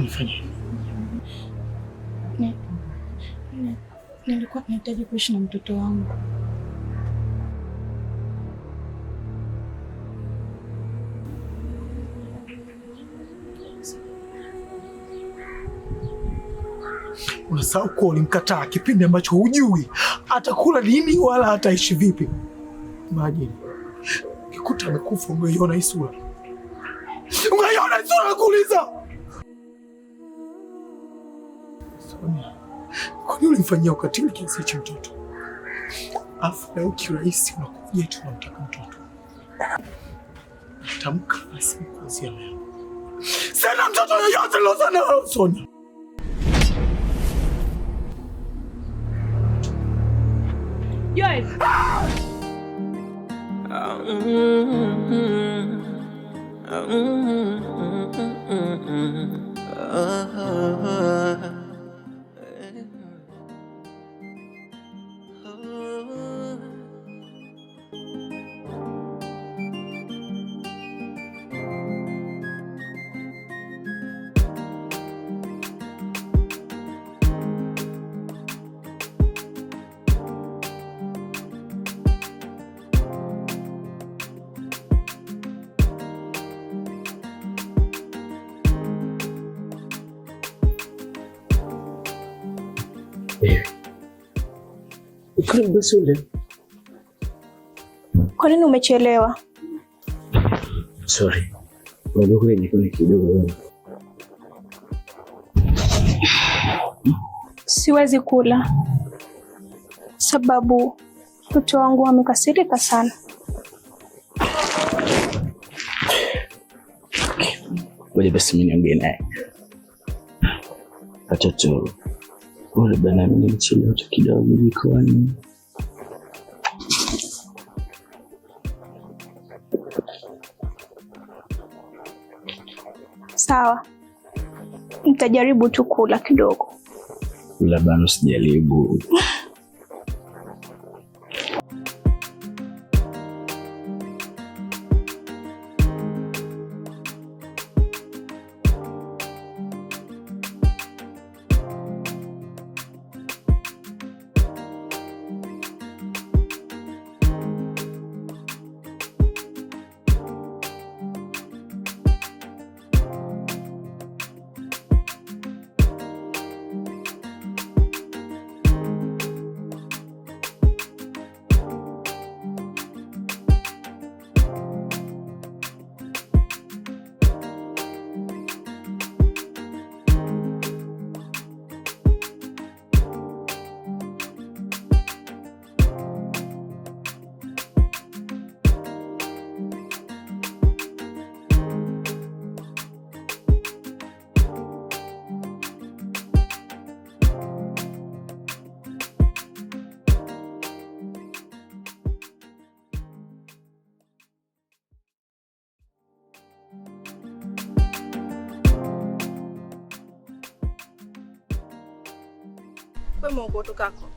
nifanya hivyo? Nilikuwa nahitaji kuishi na mtoto wangu. Unasahau kuwa ulimkataa kipindi ambacho hujui atakula nini wala ataishi vipi. Maji kikuta amekufa, umeiona hii sura, ungeiona sura, nakuuliza Kwa nini ulimfanyia ukatili kiasi cha mtoto? Afu leo kiurahisi unakuja tu unamtaka mtoto. Tamka basi kuanzia leo. Sina mtoto yoyote Lozana au Sonia. Yes. Ah! Mm Basule, kwa nini umechelewa? Sorry. Kidogo siwezi kula sababu mtoto wangu amekasirika sana. Ngoja basi mimi niongee naye. Acha tu Pole bana, mimi nilichelewa tu kidogo jikoni. Sawa, nitajaribu tu kula kidogo. Kula bana, usijaribu Kwema huko utokako?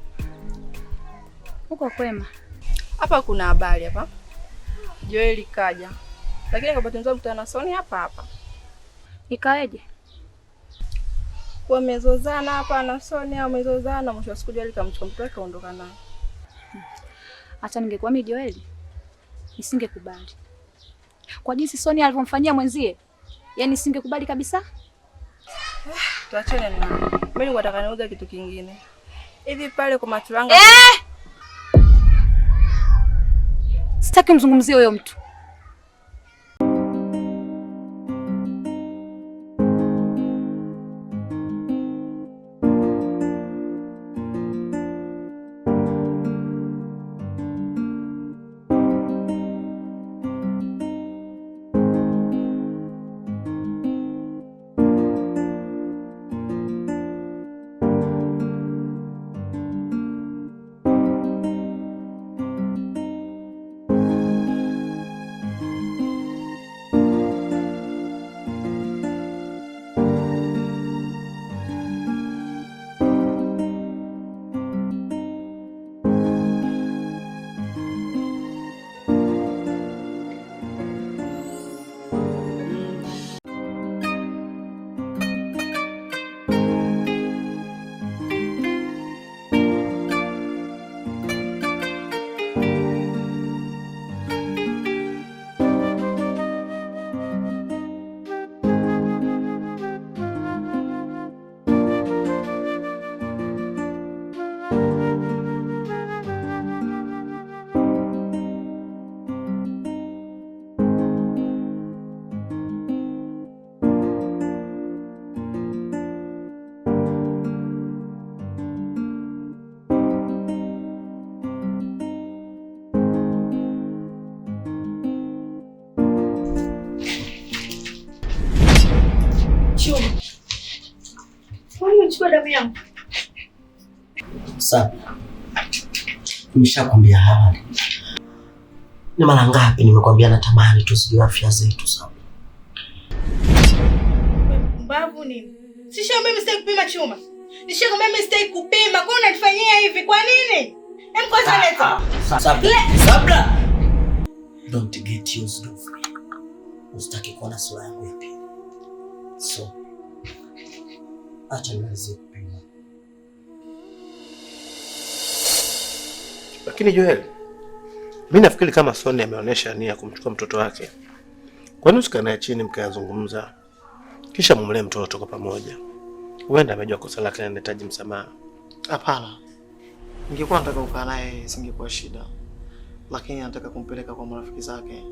Huko kwema. Hapa kuna habari hapa. Joeli kaja. Lakini akabatizwa mkutana na Soni hapa hapa. Ikaeje? Wamezozana hapa na Soni, wamezozana mwisho wa siku Joeli kamchukua mtoto wake aondoka naye. Hmm. Hata ningekuwa mimi Joeli nisingekubali. Kwa jinsi Soni alivyomfanyia mwenzie, yani singekubali kabisa. Ah, tuachane na. Mimi nataka niuze kitu kingine hivi pale kwa Maturanga. Eh! Sitaki mzungumzie huyo mtu. yangu. Sasa nimeshakwambia awali, ni mara ngapi nimekwambia natamani tusijue afya zetu sawa. Babu nini? Sishakwambia mimi sitaki kupima chuma. Nishakwambia mimi sitaki kupima. Kwa unanifanyia hivi? Kwa nini? Ah, ah, Don't get used to me. Usitaki kuona sura yangu ya pili. So acha niweze kupima. Lakini Joel, mimi nafikiri kama Sonia ameonyesha nia kumchukua mtoto wake, kwa nini usikae naye chini mkayazungumza, kisha mumlee mtoto kwa pamoja? Huenda amejua kosa lake na anahitaji msamaha. Hapana, ningekuwa nataka kukaa naye singekuwa shida, lakini nataka kumpeleka kwa marafiki zake,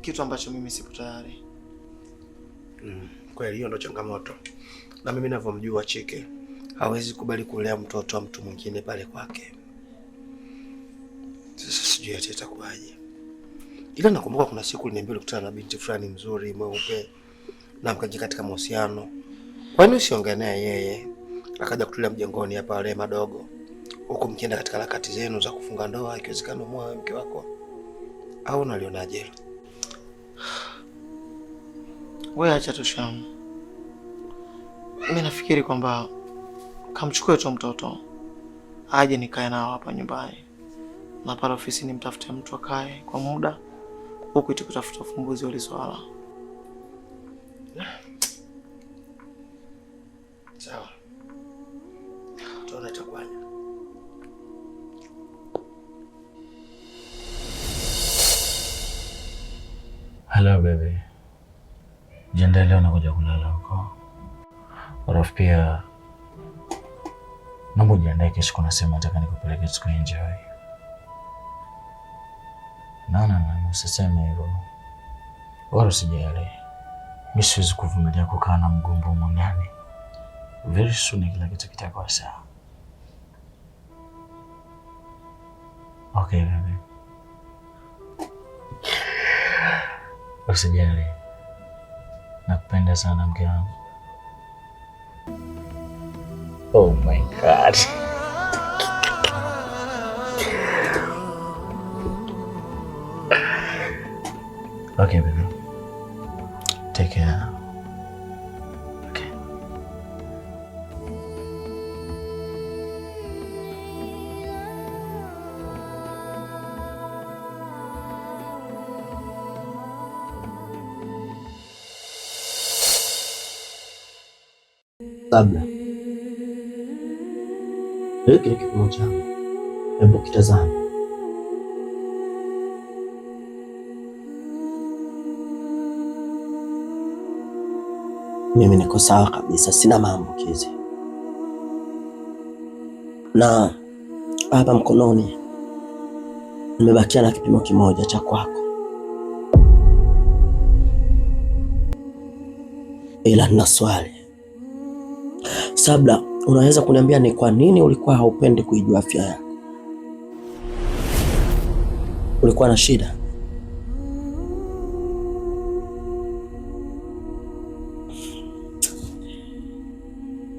kitu ambacho mimi sipo tayari. Mm, kweli hiyo ndo changamoto na mimi navyomjua Chike hawezi kubali kulea mtoto wa mtu mwingine pale kwake. Sasa sijui hata itakuwaje, ila nakumbuka kuna siku liniambia ulikutana na binti fulani mzuri mweupe na mkaji katika mahusiano. Kwa nini usiongee naye yeye akaja kutulia mjengoni hapa wale madogo huku mkienda katika harakati zenu za kufunga ndoa, ikiwezekana mwa mke wako, au unalionaje? Wewe acha tushamu mi nafikiri kwamba kamchukue tu mtoto aje nikae nao hapa nyumbani, na pale ofisini mtafute mtu akae kwa muda, huku iti kutafuta ufumbuzi wa liswala. Sawa, tuone jiandae leo nakuja kulala huko Alafu pia naomba ujiandae kesho, kuna sehemu nataka nikupeleke tukaenjoy. Na na na, usiseme hivyo wala usijali. Mimi siwezi kuvumilia kukaa na mgombo mwanani. Very soon kila kitu kitakuwa sawa. Okay, baby. Usijali. Nakupenda sana mke wangu. Oh my god. kabla. Hiki ni kipimo changu, hebu kitazame. Mimi niko sawa kabisa, sina maambukizi. Na hapa mkononi nimebakia na kipimo kimoja cha kwako, ila nina swali Sabla, unaweza kuniambia ni kwa nini ulikuwa haupendi kuijua afya yako? Ulikuwa na shida?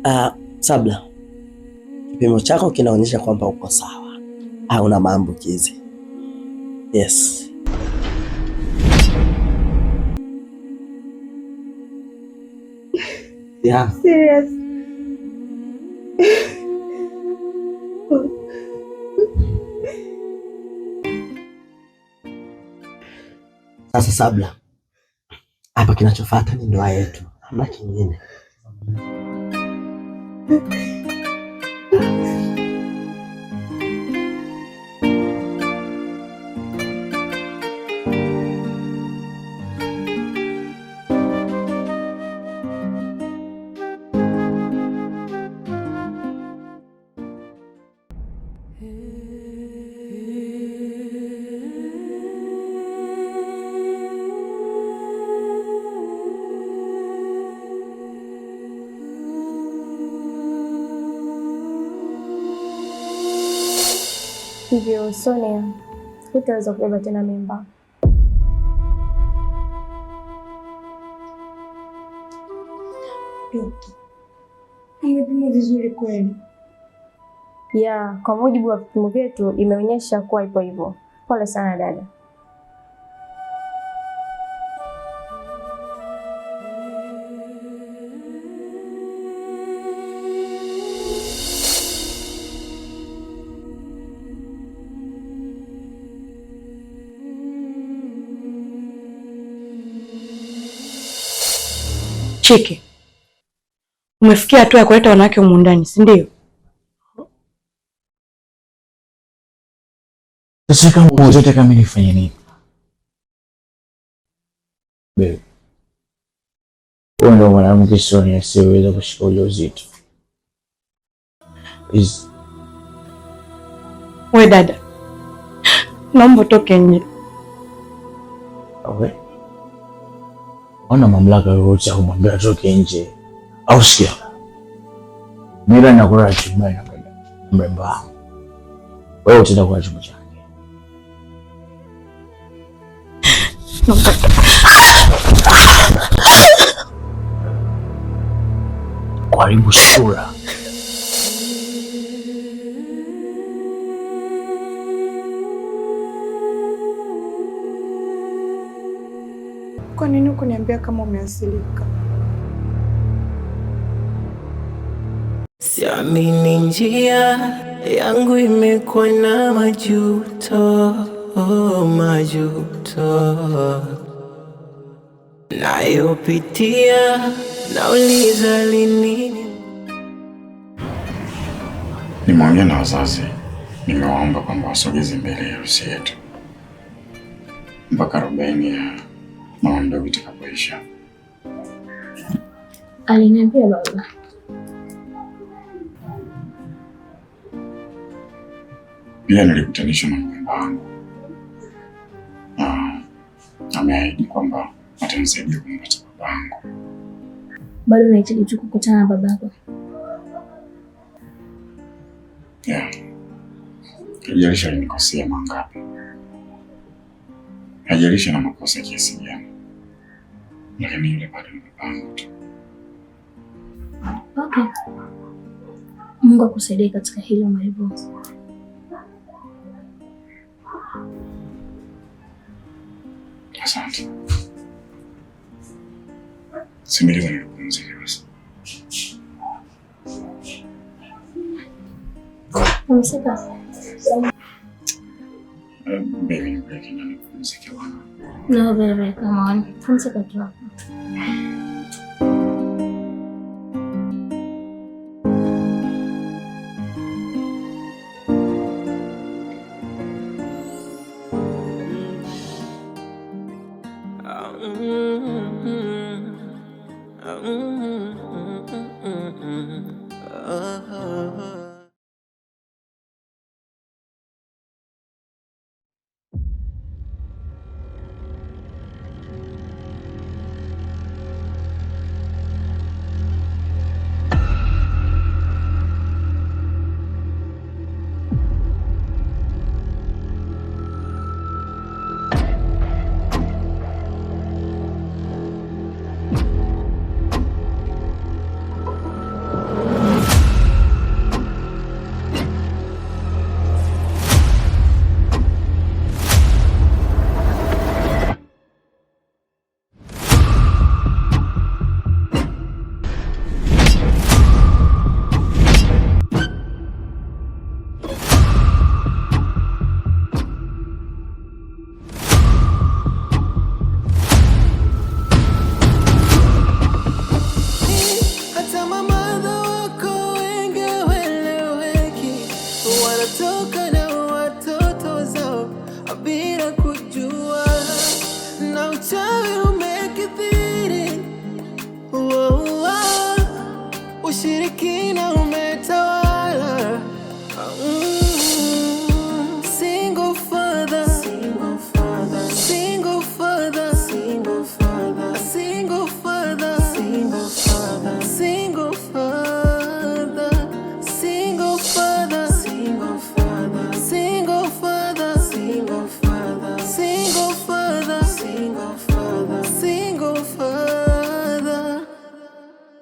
Uh, Sabla, kipimo chako kinaonyesha kwamba uko sawa, hauna maambukizi. Yes. Yeah. Seriously? Sasa Sabla, hapa kinachofuata ni ndoa yetu, hamna kingine. Hivyo Sonia, hutaweza kubeba tena mimba. Amepima vizuri kweli ya, kwa mujibu wa vipimo vyetu imeonyesha kuwa ipo hivyo. Pole sana dada. Chiki, umefikia hatua ya kuleta wanawake humu ndani, si ndio? Sasa kama zote kama nifanye nini? Bebe, huyo ndo mwanamke Soni asiyeweza kushika ujauzito. We dada, naomba utoke nje. Okay hauna mamlaka yoyote ya kumwambia atoke nje, au sikia? Mira nakula chumba na mrembo wangu, wewe utaenda kula chumba chake. Karibu sura kuniambia kama umeasilika. Siamini, njia yangu imekuwa na majuto, oh, majuto nayopitia, nauliza lini. Nimeongea na wazazi, nimewaomba kwamba wasogeze mbele ya harusi yetu mpaka arobaini ya mama mdogo itakapoisha. Aliniambia baba pia nilikutanisha na mganga wangu na ameahidi kwamba atanisaidia kumpata baba yangu. Bado unahitaji tu kukutana na babako? Yeah. Haijalishi alinikosea mangapi Haijalishi na makosa kiasi gani, lakini yule bado ni mpango tu. Okay. Mungu akusaidie katika hilo Maribo. Asante. Sikiliza nikupumzike basi. Pumzika. Sige, ma'am. No, baby, come on. Come sa bedroom. ushirikina umetawala mm.